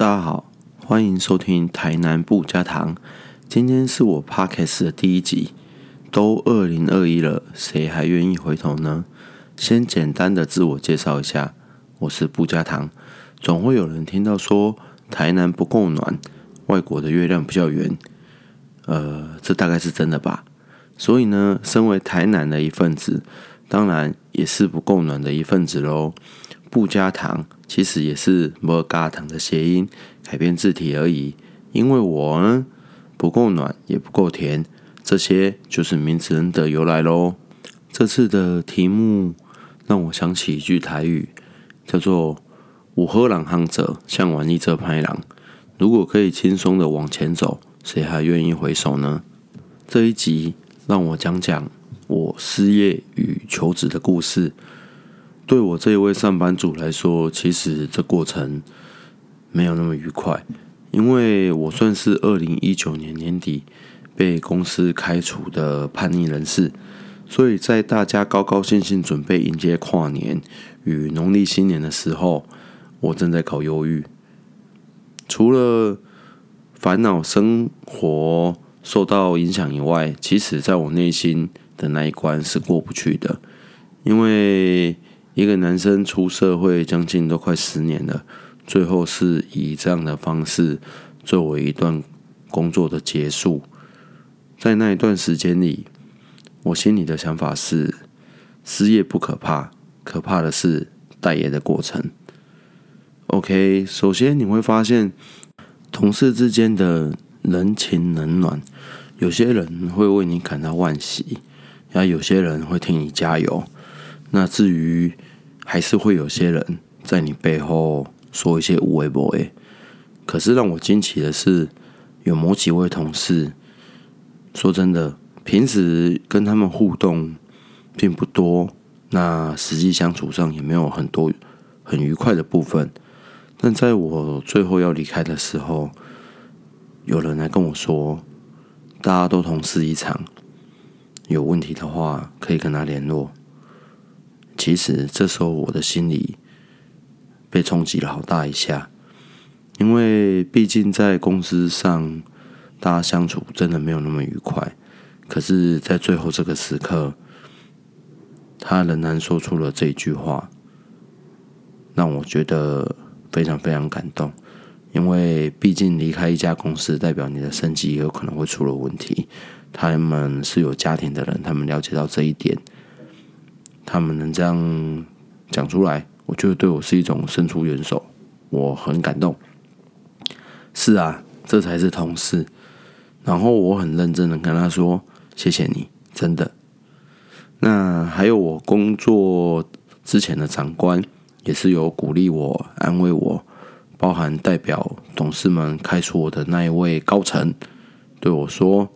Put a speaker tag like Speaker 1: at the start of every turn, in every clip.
Speaker 1: 大家好，歡迎收聽台南布加唐。今天是我 podcast 的第一集，都二零二一了，誰還願意回頭呢？先簡單的自我介紹一下，我是布加唐。總會有人聽到說台南不夠暖，外國的月亮比較圓。呃，這大概是真的吧。所以呢，身為台南的一份子，當然也是不夠暖的一份子嘍。布加唐其實也是“不加糖”的諧音，改變字體而已。因為我呢不夠暖，也不夠甜，這些就是名詞人的由來咯。這次的題目讓我想起一句台語，叫做“我喝朗行者像玩一這牌郎”。如果可以輕鬆地往前走，誰還願意回首呢？這一集讓我講講我失業與求職的故事。對我這一位上班族來說，其實這過程沒有那麼愉快，因為我算是二零一九年年底被公司開除的叛逆人士，所以在大家高高興興準備迎接跨年與農曆新年的時候，我正在搞憂鬱。除了煩惱生活受到影響以外，其實在我內心的那一關是過不去的，因為一個男生出社會將近都快十年了，最後是以這樣的方式作為一段工作的結束。在那一段時間裡，我心裡的想法是：失業不可怕，可怕的是待業的過程。OK，首先你會發現同事之間的人情冷暖，有些人會為你感到惋惜，然後有些人會替你加油。那至於，還是會有些人在你背後說一些無為博誒，可是讓我驚奇的是，有某幾位同事，說真的，平時跟他們互動並不多，那實際相處上也沒有很多很愉快的部分，但在我最後要離開的時候，有人來跟我說，大家都同事一場，有問題的話可以跟他聯絡。其實這時候，我的心裡被衝擊了好大一下，因為畢竟在公司上，大家相處真的沒有那麼愉快。可是，在最後這個時刻，他仍然說出了這一句話，讓我覺得非常非常感動。因為畢竟離開一家公司，代表你的生計也有可能會出了問題。他們是有家庭的人，他們了解到這一點。他們能這樣講出來，我覺得對我是一種伸出援手，我很感動。是啊，這才是同事。然後我很認真的跟他說：“謝謝你，真的。”那還有我工作之前的長官，也是有鼓勵我、安慰我，包含代表董事們開除我的那一位高層，對我說：“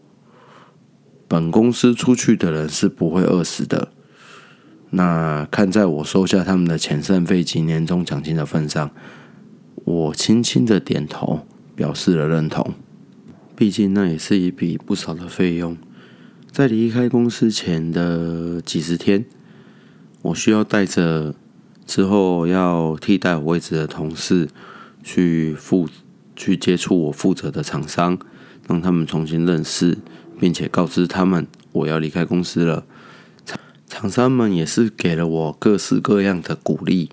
Speaker 1: 本公司出去的人是不會餓死的。”那看在我收下他們的遣散費及年終獎金的份上，我輕輕的點頭表示了認同。畢竟那也是一筆不少的費用。在離開公司前的幾十天，我需要帶着之後要替代我位置的同事去負，去接觸我負責的廠商，讓他們重新認識，並且告知他們我要離開公司了。廠商們也是給了我各式各樣的鼓勵，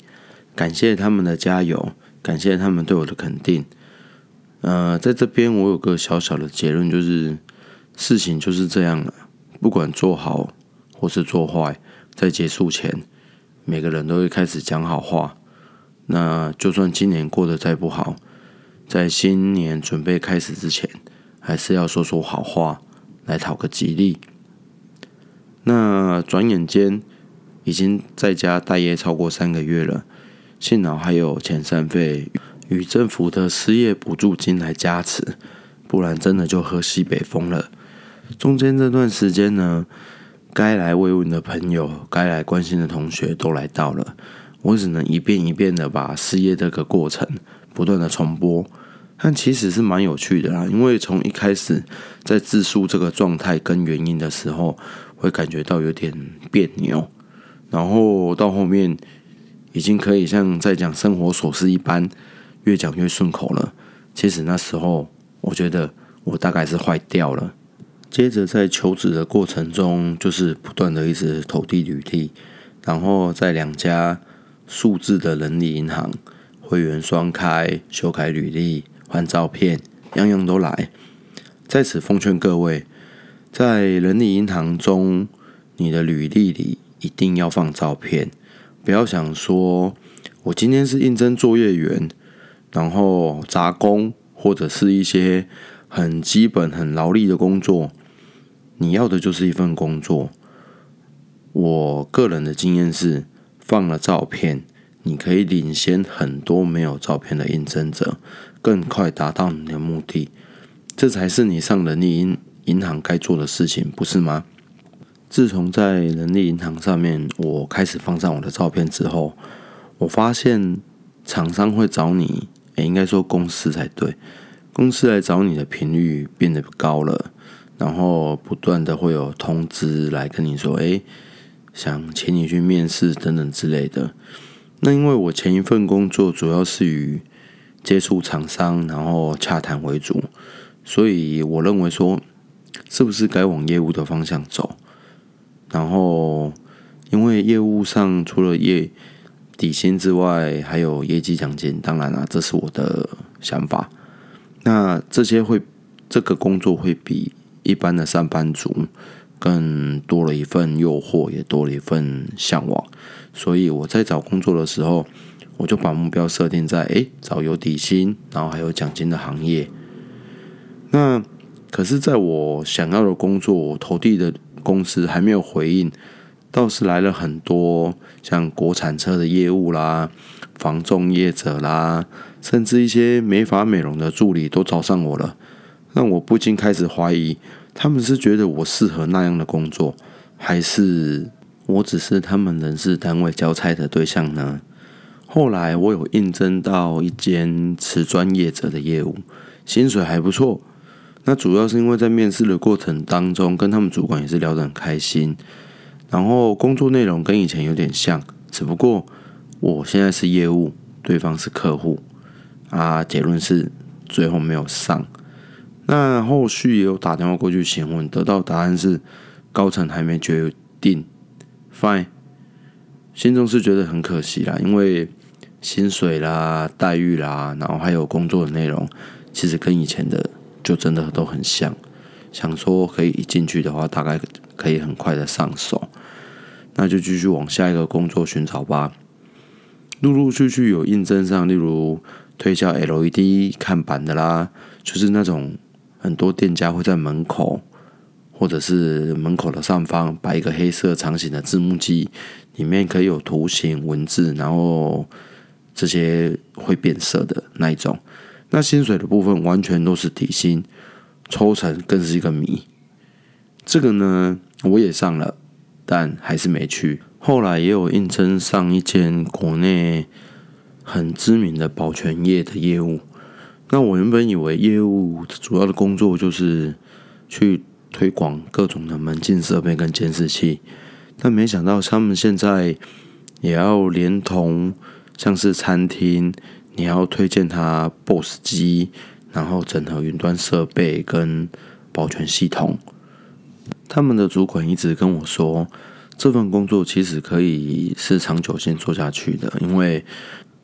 Speaker 1: 感謝他們的加油，感謝他們對我的肯定。呃，在這邊我有個小小的結論，就是事情就是這樣了。不管做好或是做壞，在結束前，每個人都會開始講好話。那就算今年過得再不好，在新年準備開始之前，還是要說說好話，來討個吉利。那轉眼間，已經在家待業超過三個月了。幸好還有遣散費與政府的失業補助金來加持，不然真的就喝西北風了。中間這段時間呢，該來慰問的朋友、該來關心的同學都來到了，我只能一遍一遍的把失業這個過程不斷的重播。但其實是蠻有趣的啦，因為從一開始在自述這個狀態跟原因的時候。會感覺到有點彆扭，然後到後面已經可以像在講生活瑣事一般，越講越順口了。其實那時候我覺得我大概是壞掉了。接着在求職的過程中，就是不斷的一直投遞履歷，然後在兩家數字的人力銀行會員雙開修改履歷、換照片，樣樣都來。在此奉勸各位。在人力銀行中，你的履歷裡一定要放照片。不要想說，我今天是應徵作業員，然後雜工，或者是一些很基本、很勞力的工作。你要的就是一份工作。我個人的經驗是，放了照片，你可以領先很多沒有照片的應徵者，更快達到你的目的。這才是你上人力銀行銀行該做的事情，不是嗎？自從在人力銀行上面，我開始放上我的照片之後，我發現廠商會找你，也、欸、應該說公司才對，公司來找你的頻率變得高了，然後不斷的會有通知來跟你說，哎、欸，想請你去面試等等之類的。那因為我前一份工作主要是以接觸廠商，然後洽談為主，所以我認為說。是不是該往業務的方向走？然後，因為業務上除了業底薪之外，還有業績獎金。當然了啊，這是我的想法。那這些會，這個工作會比一般的上班族更多了一份誘惑，也多了一份嚮往。所以我在找工作的時候，我就把目標設定在誒，找有底薪，然後還有獎金的行業。那。可是，在我想要的工作，我投遞的公司還沒有回應，倒是來了很多像國產車的業務啦、房仲業者啦，甚至一些美髮美容的助理都找上我了。讓我不禁開始懷疑，他們是覺得我適合那樣的工作，還是我只是他們人事單位交差的對象呢？後來，我有應徵到一間瓷磚業者的業務，薪水還不錯。那主要是因為在面試的過程當中，跟他們主管也是聊得很開心，然後工作內容跟以前有點像，只不過我現在是業務，對方是客戶，啊，結論是最後沒有上。那後續也有打電話過去詢問，得到答案是高層還沒決定。Fine，心中是覺得很可惜啦，因為薪水啦、待遇啦，然後還有工作的內容，其實跟以前的。就真的都很像，想說可以一進去的話，大概可以很快的上手，那就繼續往下一個工作尋找吧。陸陸續續有應徵上，例如推銷 LED 看板的啦，就是那種很多店家會在門口或者是門口的上方擺一個黑色長形的字幕機，裡面可以有圖形、文字，然後這些會變色的那一種。那薪水的部分完全都是底薪，抽成更是一個謎。這個呢，我也上了，但還是沒去。後來也有應徵上一間國內很知名的保全業的業務。那我原本以為業務主要的工作就是去推廣各種的門禁設備跟監視器，但沒想到他們現在也要連同像是餐廳。你要推薦他 BOSS 機，然後整合雲端設備跟保全系統。他們的主管一直跟我說，這份工作其實可以是長久性做下去的，因為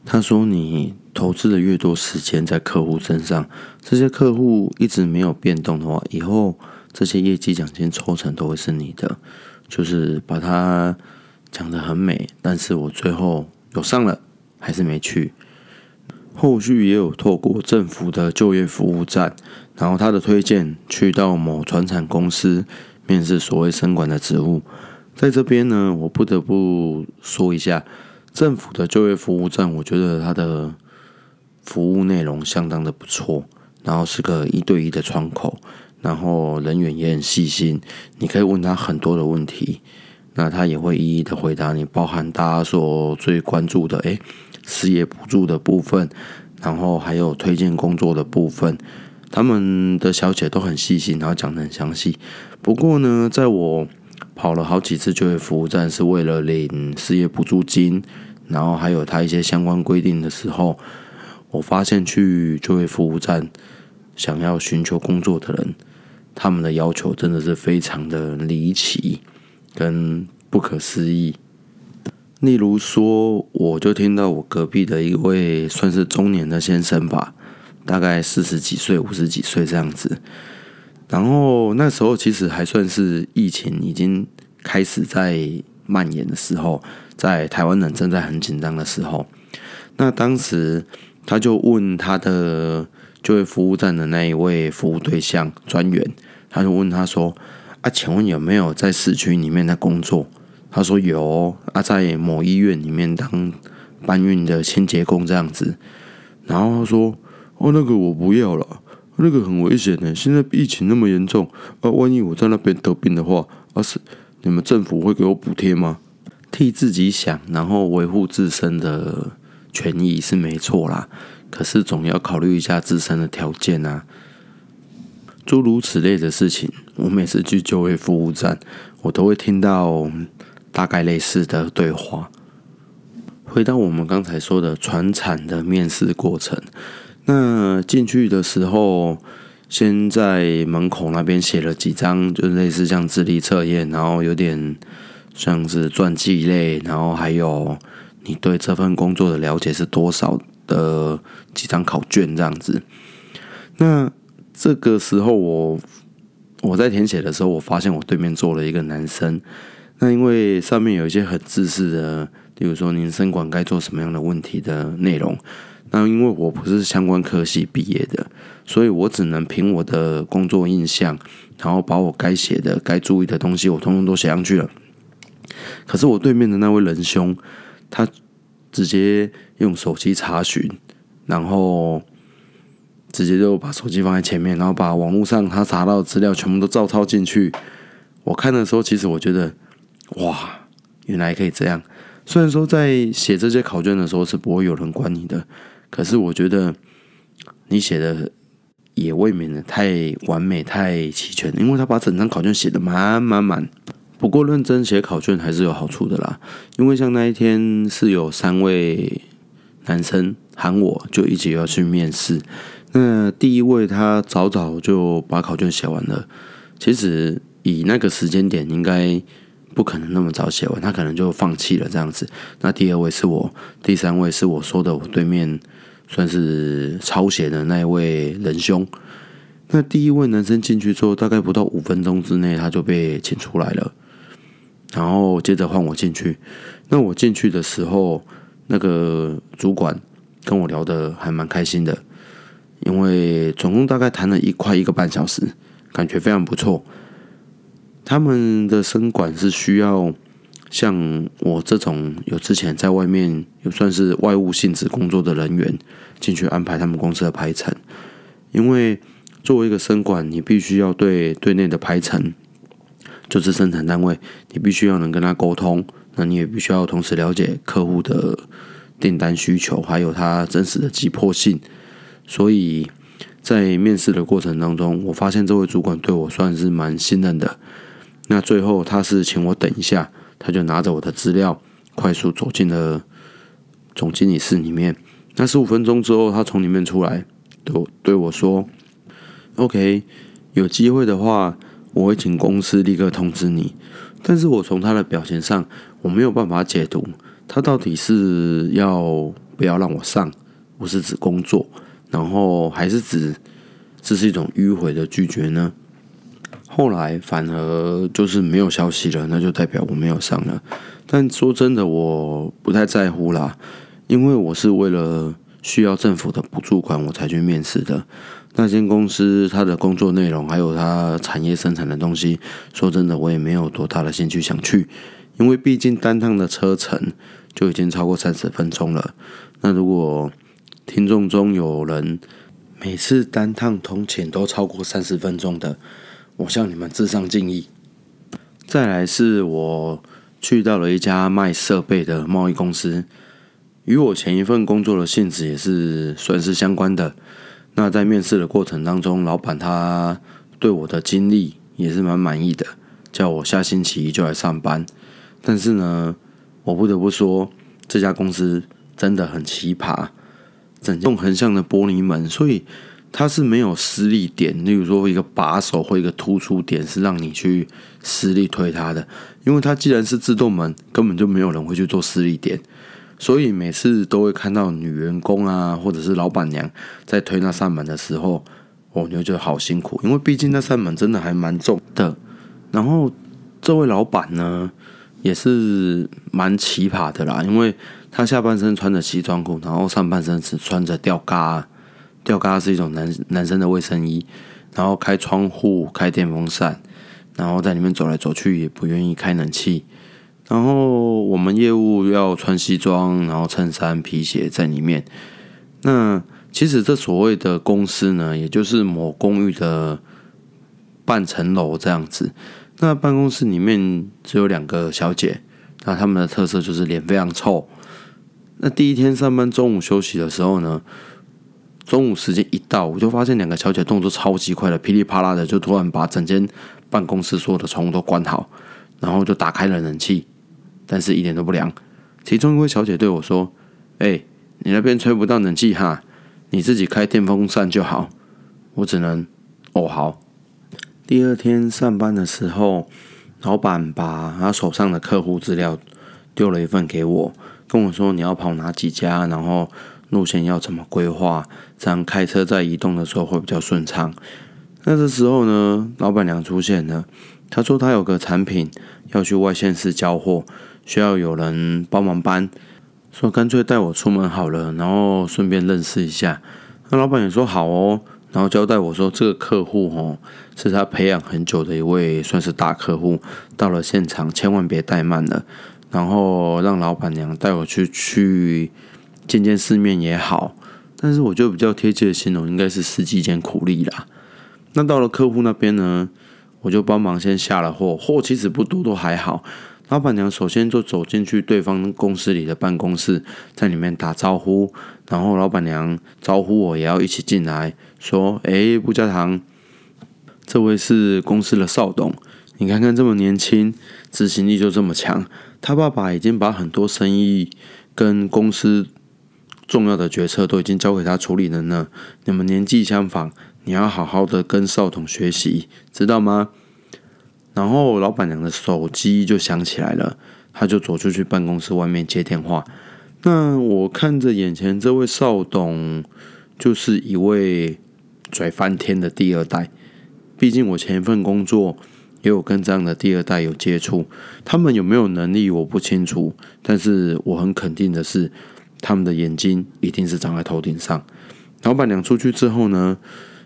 Speaker 1: 他說你投資的越多時間在客戶身上，這些客戶一直沒有變動的話，以後這些業績獎金抽成都會是你的。就是把它講得很美，但是我最後有上了，還是沒去。後續也有透過政府的就業服務站，然後他的推薦去到某傳產公司面試所謂生管的職務。在這邊呢，我不得不說一下政府的就業服務站，我覺得他的服務內容相當的不錯，然後是個一對一的窗口，然後人員也很細心，你可以問他很多的問題。那他也會一一的回答你，包含大家所最關注的，誒、欸、失業補助的部分，然後還有推薦工作的部分，他們的小姐都很細心，然後講得很詳細。不過呢，在我跑了好幾次就業服務站，是為了領失業補助金，然後還有他一些相關規定的時候，我發現去就業服務站想要尋求工作的人，他們的要求真的是非常的離奇。跟不可思議，例如說，我就聽到我隔壁的一位算是中年的先生吧，大概四十幾歲、五十幾歲這樣子。然後那時候其實還算是疫情已經開始在蔓延的時候，在台灣人正在很緊張的時候，那當時他就問他的就業服務站的那一位服務對象專員，他就問他說，啊，請問有沒有在市區裡面的工作？他說有、哦、啊，在某醫院裡面當搬運的清潔工這樣子。然後他說：“哦，那個我不要了，那個很危險的。現在疫情那麼嚴重，啊，萬一我在那邊得病的話，啊，是你們政府會給我補貼嗎？替自己想，然後維護自身的權益是沒錯啦。可是總要考慮一下自身的條件啊，諸如此類的事情。”我每次去就業服務站，我都會聽到大概類似的對話。回到我們剛才說的傳產的面試過程，那進去的時候，先在門口那邊寫了幾張，就類似像智力測驗，然後有點像是傳記類，然後還有你對這份工作的了解是多少的幾張考卷這樣子。那這個時候我。我在填寫的時候，我發現我對面坐了一個男生。那因為上面有一些很自私的，例如說您生管該做什麼樣的問題的內容。那因為我不是相關科系畢業的，所以我只能憑我的工作印象，然後把我該寫的、該注意的東西，我通通都寫上去了。可是我對面的那位仁兄，他直接用手機查詢，然後。直接就把手機放在前面，然後把網絡上他查到的資料全部都照抄進去。我看的時候，其實我覺得，哇，原來可以這樣。雖然說在寫這些考卷的時候是不會有人管你的，可是我覺得你寫的也未免太完美、太齊全，因為他把整張考卷寫得滿滿滿。不過認真寫考卷還是有好處的啦，因為像那一天是有三位男生喊我就一起要去面試。那第一位他早早就把考卷寫完了，其實以那個時間點，應該不可能那麼早寫完，他可能就放棄了這樣子。那第二位是我，第三位是我說的我對面算是抄寫的那一位仁兄。那第一位男生進去之後，大概不到五分鐘之內，他就被請出來了，然後接着換我進去。那我進去的時候，那個主管跟我聊得還蠻開心的。因為總共大概談了一塊一個半小時，感覺非常不錯。他們的生管是需要像我這種有之前在外面有算是外務性質工作的人員進去安排他們公司的排程，因為作為一個生管，你必須要對對內的排程，就是生產單位，你必須要能跟他溝通，那你也必須要同時了解客戶的訂單需求，還有他真實的急迫性。所以在面試的過程當中，我發現這位主管對我算是蠻信任的。那最後，他是請我等一下，他就拿着我的資料，快速走進了總經理室裡面。那十五分鐘之後，他從裡面出來，對我對我說：“OK，有機會的話，我會請公司立刻通知你。”但是我從他的表情上，我沒有辦法解讀他到底是要不要讓我上，不是指工作。然後還是指這是一種迂迴的拒絕呢？後來反而就是沒有消息了，那就代表我沒有上了。但說真的，我不太在乎啦，因為我是為了需要政府的補助款我才去面試的。那間公司它的工作內容還有它產業生產的東西，說真的我也沒有多大的興趣想去，因為畢竟單趟的車程就已經超過三十分鐘了。那如果聽眾中有人每次單趟通勤都超過三十分鐘的，我向你們致上敬意。再來是我去到了一家賣設備的貿易公司，與我前一份工作的性質也是算是相關的。那在面試的過程當中，老闆他對我的經歷也是蠻滿意的，叫我下星期一就來上班。但是呢，我不得不說這家公司真的很奇葩。整棟橫向的玻璃門，所以它是沒有施力點，例如說一個把手或一個突出點是讓你去施力推它的，因為它既然是自動門，根本就沒有人會去做施力點，所以每次都會看到女員工啊，或者是老闆娘在推那扇門的時候，我就覺得好辛苦，因為畢竟那扇門真的還蠻重的。然後這位老闆呢，也是蠻奇葩的啦，因為。他下半身穿着西裝褲，然後上半身只穿着吊嘎，吊嘎是一種男男生的衛生衣。然後開窗戶，開電風扇，然後在裡面走來走去，也不願意開冷氣。然後我們業務要穿西裝，然後襯衫、皮鞋在裡面。那其實這所謂的公司呢，也就是某公寓的半層樓這樣子。那辦公室裡面只有兩個小姐，那他們的特色就是臉非常臭。那第一天上班，中午休息的時候呢，中午時間一到，我就發現兩個小姐動作超級快的，噼裡啪啦的就突然把整間辦公室所有的窗戶都關好，然後就打開了冷氣，但是一點都不涼。其中一位小姐對我說：“哎，你那邊吹不到冷氣哈，你自己開電風扇就好。”我只能哦好。第二天上班的時候，老板把他手上的客戶資料丟了一份給我。跟我說你要跑哪幾家，然後路線要怎麼規劃，這樣開車在移動的時候會比較順暢。那這時候呢，老闆娘出現了，她說她有個產品要去外縣市交貨，需要有人幫忙搬，說乾脆帶我出門好了，然後順便認識一下。那老闆也說好哦，然後交代我說這個客戶哦是他培養很久的一位，算是大客戶，到了現場千萬別怠慢了。然後讓老闆娘帶我去去見見世面也好，但是我覺得比較貼切的形容應該是司機兼苦力啦。那到了客戶那邊呢，我就幫忙先下了貨，貨其實不多，都還好。老闆娘首先就走進去對方公司裡的辦公室，在裡面打招呼，然後老闆娘招呼我也要一起進來，說：“哎，布加唐，這位是公司的少董，你看看這麼年輕，執行力就這麼強。”他爸爸已經把很多生意跟公司重要的決策都已經交給他處理了呢。你們年紀相仿，你要好好的跟少董學習，知道嗎？然後老闆娘的手機就響起來了，他就走出去辦公室外面接電話。那我看着眼前這位少董，就是一位拽翻天的第二代。畢竟我前一份工作。也有跟這樣的第二代有接觸，他們有沒有能力我不清楚，但是我很肯定的是，他們的眼睛一定是長在頭頂上。老闆娘出去之後呢，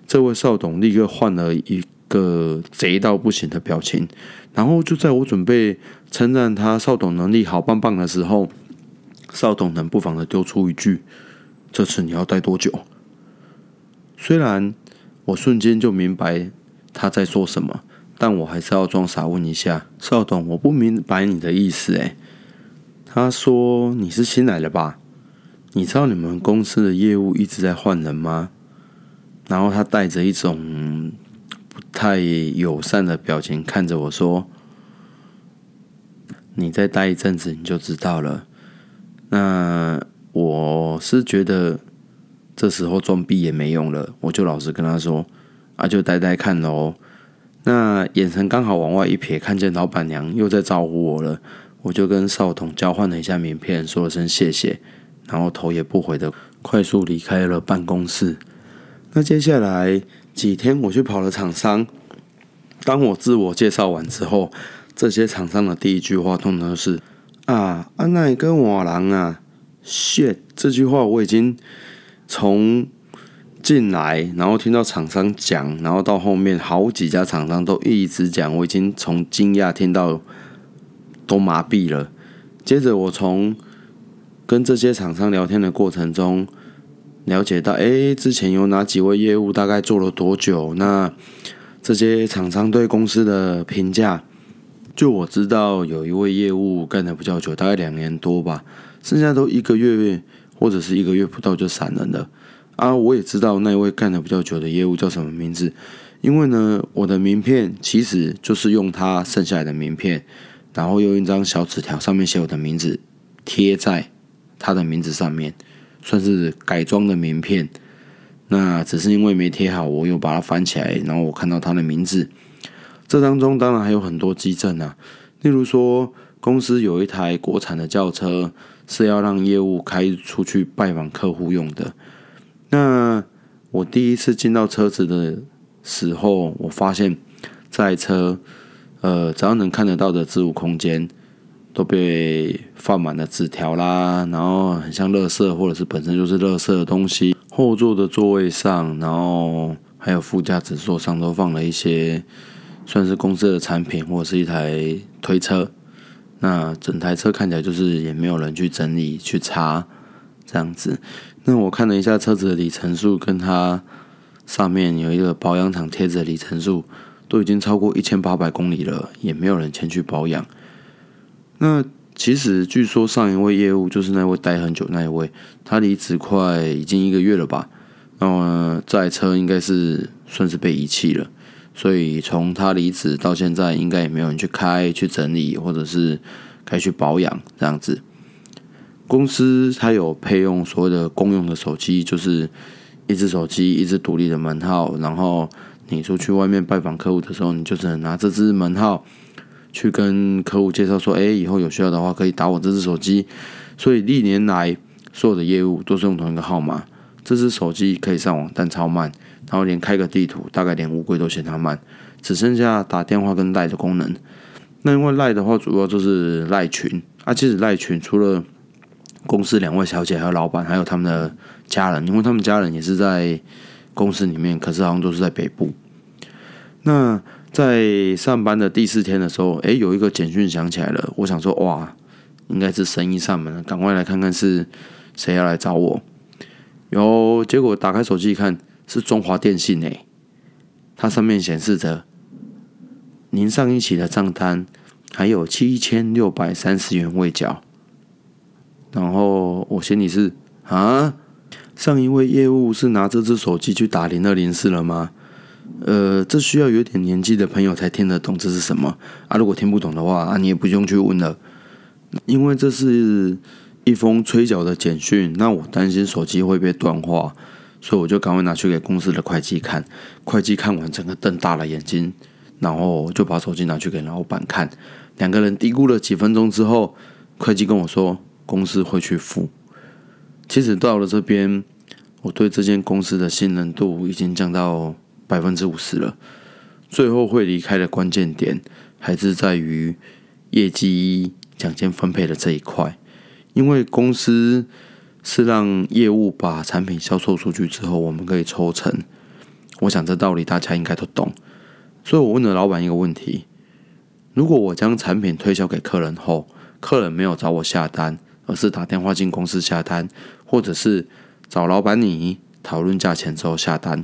Speaker 1: 這位少董立刻換了一個賊到不行的表情，然後就在我準備稱讚他少董能力好棒棒的時候，少董冷不防的丟出一句：“這次你要待多久？”雖然我瞬間就明白他在說什麼。但我還是要裝傻問一下，邵董，我不明白你的意思哎。他說：“你是新來的吧？你知道你們公司的業務一直在換人嗎？”然後他帶着一種不太友善的表情看着我說：“你再待一陣子你就知道了。”那我是覺得這時候裝逼也沒用了，我就老實跟他說：“啊就待待，就待待看嘍。”那眼神剛好往外一瞥，看見老板娘又在招呼我了，我就跟少童交換了一下名片，說了聲謝謝，然後頭也不回的快速離開了辦公室。那接下來幾天，我去跑了廠商，當我自我介紹完之後，這些廠商的第一句話通常是：“啊，安娜跟我郎啊，啊，shit！” 這句話我已經從進來，然後聽到廠商講，然後到後面好幾家廠商都一直講，我已經從驚訝聽到都麻痹了。接着我從跟這些廠商聊天的過程中，了解到，哎，之前有哪幾位業務大概做了多久？那這些廠商對公司的評價，就我知道有一位業務幹得比較久，大概兩年多吧，剩下都一個月或者是一個月不到就散人了的。啊，我也知道那位幹了比較久的業務叫什麼名字，因為呢，我的名片其實就是用他剩下來的名片，然後用一張小紙條上面寫我的名字貼在他的名字上面，算是改裝的名片。那只是因為沒貼好，我又把它翻起來，然後我看到他的名字。這當中當然還有很多機證啊，例如說公司有一台國產的轎車是要讓業務開出去拜訪客戶用的。那我第一次進到車子的時候，我發現這台車，呃，只要能看得到的置物空間都被放滿了紙條啦，然後很像垃圾或者是本身就是垃圾的東西。後座的座位上，然後還有副駕駛座上都放了一些算是公司的產品或者是一台推車。那整台車看起來就是也沒有人去整理去擦。這樣子，那我看了一下車子的里程數，跟它上面有一個保養廠貼着里程數，都已經超過一千八百公里了，也沒有人前去保養。那其實據說上一位業務就是那位待很久那一位，他離職快已經一個月了吧？那麼這台車應該是算是被遺棄了，所以從他離職到現在，應該也沒有人去開、去整理，或者是開去保養這樣子。公司它有配用所謂的公用的手機，就是一支手機，一支獨立的門號。然後你出去外面拜訪客戶的時候，你就只能拿這支門號去跟客戶介紹說：“哎，以後有需要的話可以打我這支手機。”所以歷年來所有的業務都是用同一個號碼。這支手機可以上網，但超慢，然後連開個地圖，大概連烏龜都嫌它慢，只剩下打電話跟 LINE 的功能。那因為 LINE 的話，主要就是 LINE 群啊。其實 LINE 群除了公司兩位小姐和老闆，還有他們的家人，因為他們家人也是在公司裡面，可是好像都是在北部。那在上班的第四天的時候，哎，有一個簡訊響起來了。我想說，哇，應該是生意上門了，趕快來看看是誰要來找我。然後結果打開手機一看，是中華電信哎、欸，它上面顯示着您上一期的賬單還有七千六百三十元未繳。然後我心裡是啊，上一位業務是拿這隻手機去打零二零四了嗎？呃，這需要有點年紀的朋友才聽得懂，這是什麼啊？如果聽不懂的話，啊，你也不用去問了，因為這是一封催繳的簡訊。那我擔心手機會被斷話，所以我就趕快拿去給公司的會計看。會計看完整個瞪大了眼睛，然後就把手機拿去給老闆看。兩個人嘀咕了幾分鐘之後，會計跟我說。公司會去付。其實到了這邊，我對這間公司的信任度已經降到百分之五十了。最後會離開的關鍵點還是在於業績獎金分配的這一塊，因為公司是讓業務把產品銷售出去之後，我們可以抽成。我想這道理大家應該都懂。所以我問了老板一個問題：如果我將產品推銷給客人後，客人沒有找我下單，而是打電話進公司下單，或者是找老闆你討論價錢之後下單。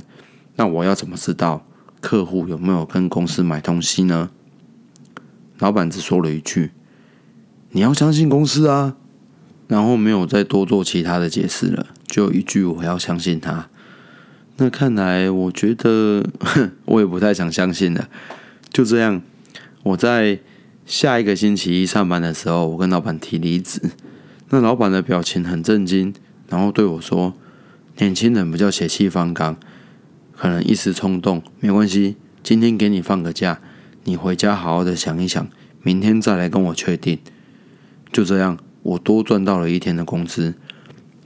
Speaker 1: 那我要怎麼知道客戶有沒有跟公司買東西呢？老闆只說了一句：“你要相信公司啊。”然後沒有再多做其他的解釋了，就一句“我要相信他”。那看來，我覺得我也不太想相信了。就這樣，我在下一個星期一上班的時候，我跟老闆提離職。那老闆的表情很震驚，然後對我說：“年輕人比較血氣方剛，可能一時衝動，沒關係。今天給你放個假，你回家好好的想一想，明天再來跟我確定。”就這樣，我多賺到了一天的工資。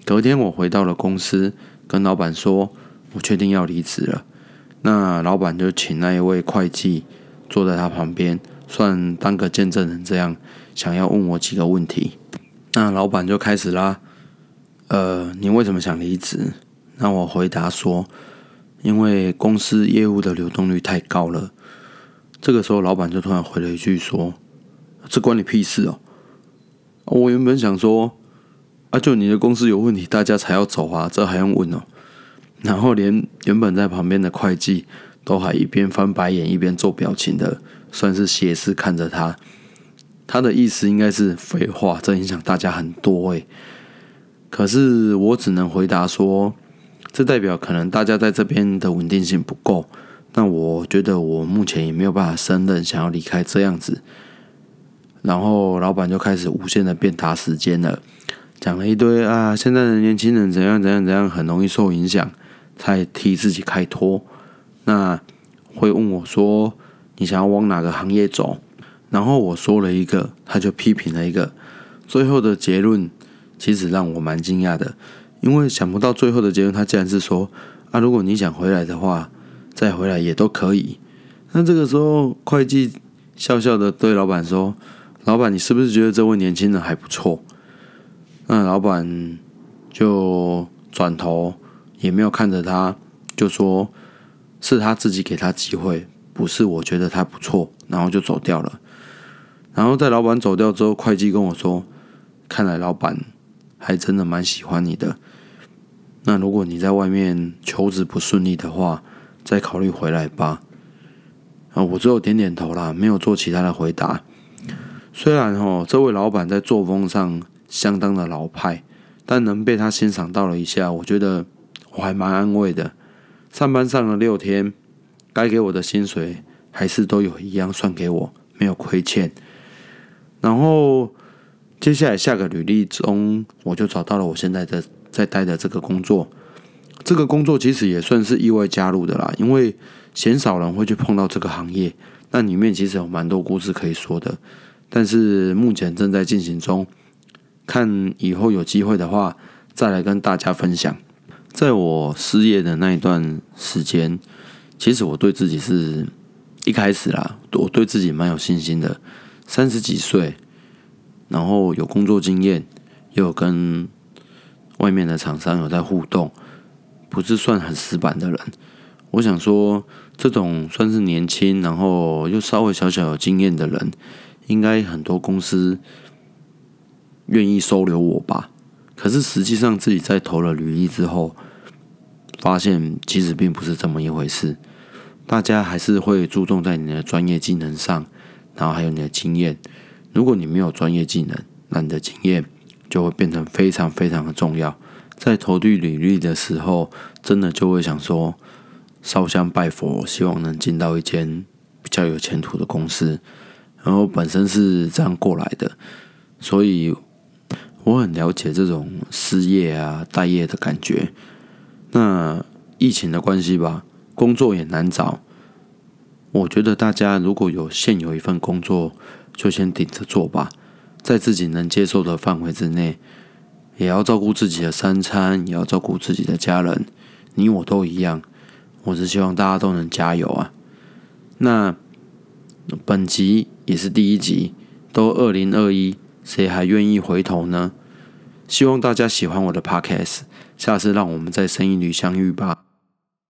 Speaker 1: 隔天，我回到了公司，跟老闆說：“我確定要離職了。”那老闆就請那一位會計坐在他旁邊，算當個見證人，這樣想要問我幾個問題。那老闆就開始啦，呃，你為什麼想離職？那我回答說，因為公司業務的流動率太高了。這個時候，老闆就突然回了一句說：“這關你屁事哦！”我原本想說：“啊，就你的公司有問題，大家才要走啊，這還用問哦？”然後連原本在旁邊的會計都還一邊翻白眼一邊做表情的，算是斜視看着他。他的意思應該是廢話，這影響大家很多欸。可是我只能回答說，這代表可能大家在這邊的穩定性不夠。那我覺得我目前也沒有辦法勝任，想要離開這樣子。然後老板就開始無限的鞭撻時間了，講了一堆啊，現在的年輕人怎樣怎樣怎樣，很容易受影響，才替自己開脫。那會問我說，你想要往哪個行業走？然後我說了一個，他就批評了一個，最後的結論其實讓我蠻驚訝的，因為想不到最後的結論他竟然是說啊，如果你想回來的話，再回來也都可以。那這個時候，會計笑笑的對老闆說：“老闆，你是不是覺得這位年輕人還不錯？”那老闆就轉頭也沒有看着他，就說：“是他自己給他機會，不是我覺得他不錯。”然後就走掉了。然後在老闆走掉之後，會計跟我說：“看來老闆還真的蠻喜歡你的。那如果你在外面求職不順利的話，再考慮回來吧。”啊，我只有點點頭啦，沒有做其他的回答。雖然哦，這位老闆在作風上相當的老派，但能被他欣賞到了一下，我覺得我還蠻安慰的。上班上了六天，該給我的薪水還是都有一樣算給我，沒有虧欠。然後，接下來下個履歷中，我就找到了我現在在在待的這個工作。這個工作其實也算是意外加入的啦，因為鮮少人會去碰到這個行業，那裡面其實有蠻多故事可以說的。但是目前正在進行中，看以後有機會的話，再來跟大家分享。在我失業的那一段時間，其實我對自己是一開始啦，我對自己蠻有信心的。三十幾歲，然後有工作經驗，又跟外面的廠商有在互動，不是算很死板的人。我想說，這種算是年輕，然後又稍微小小有經驗的人，應該很多公司願意收留我吧。可是實際上，自己在投了履歷之後，發現其實並不是這麼一回事。大家還是會注重在你的專業技能上。然後還有你的經驗，如果你沒有專業技能，那你的經驗就會變成非常非常的重要。在投遞履歷的時候，真的就會想說燒香拜佛，希望能進到一間比較有前途的公司。然後本身是這樣過來的，所以我很了解這種失業啊、待業的感覺。那疫情的關係吧，工作也難找。我覺得大家如果有現有一份工作，就先頂着做吧，在自己能接受的範圍之內，也要照顧自己的三餐，也要照顧自己的家人。你我都一樣，我只希望大家都能加油啊！那本集也是第一集，都二零二一，誰還願意回頭呢？希望大家喜歡我的 podcast，下次讓我們在聲音裡相遇吧。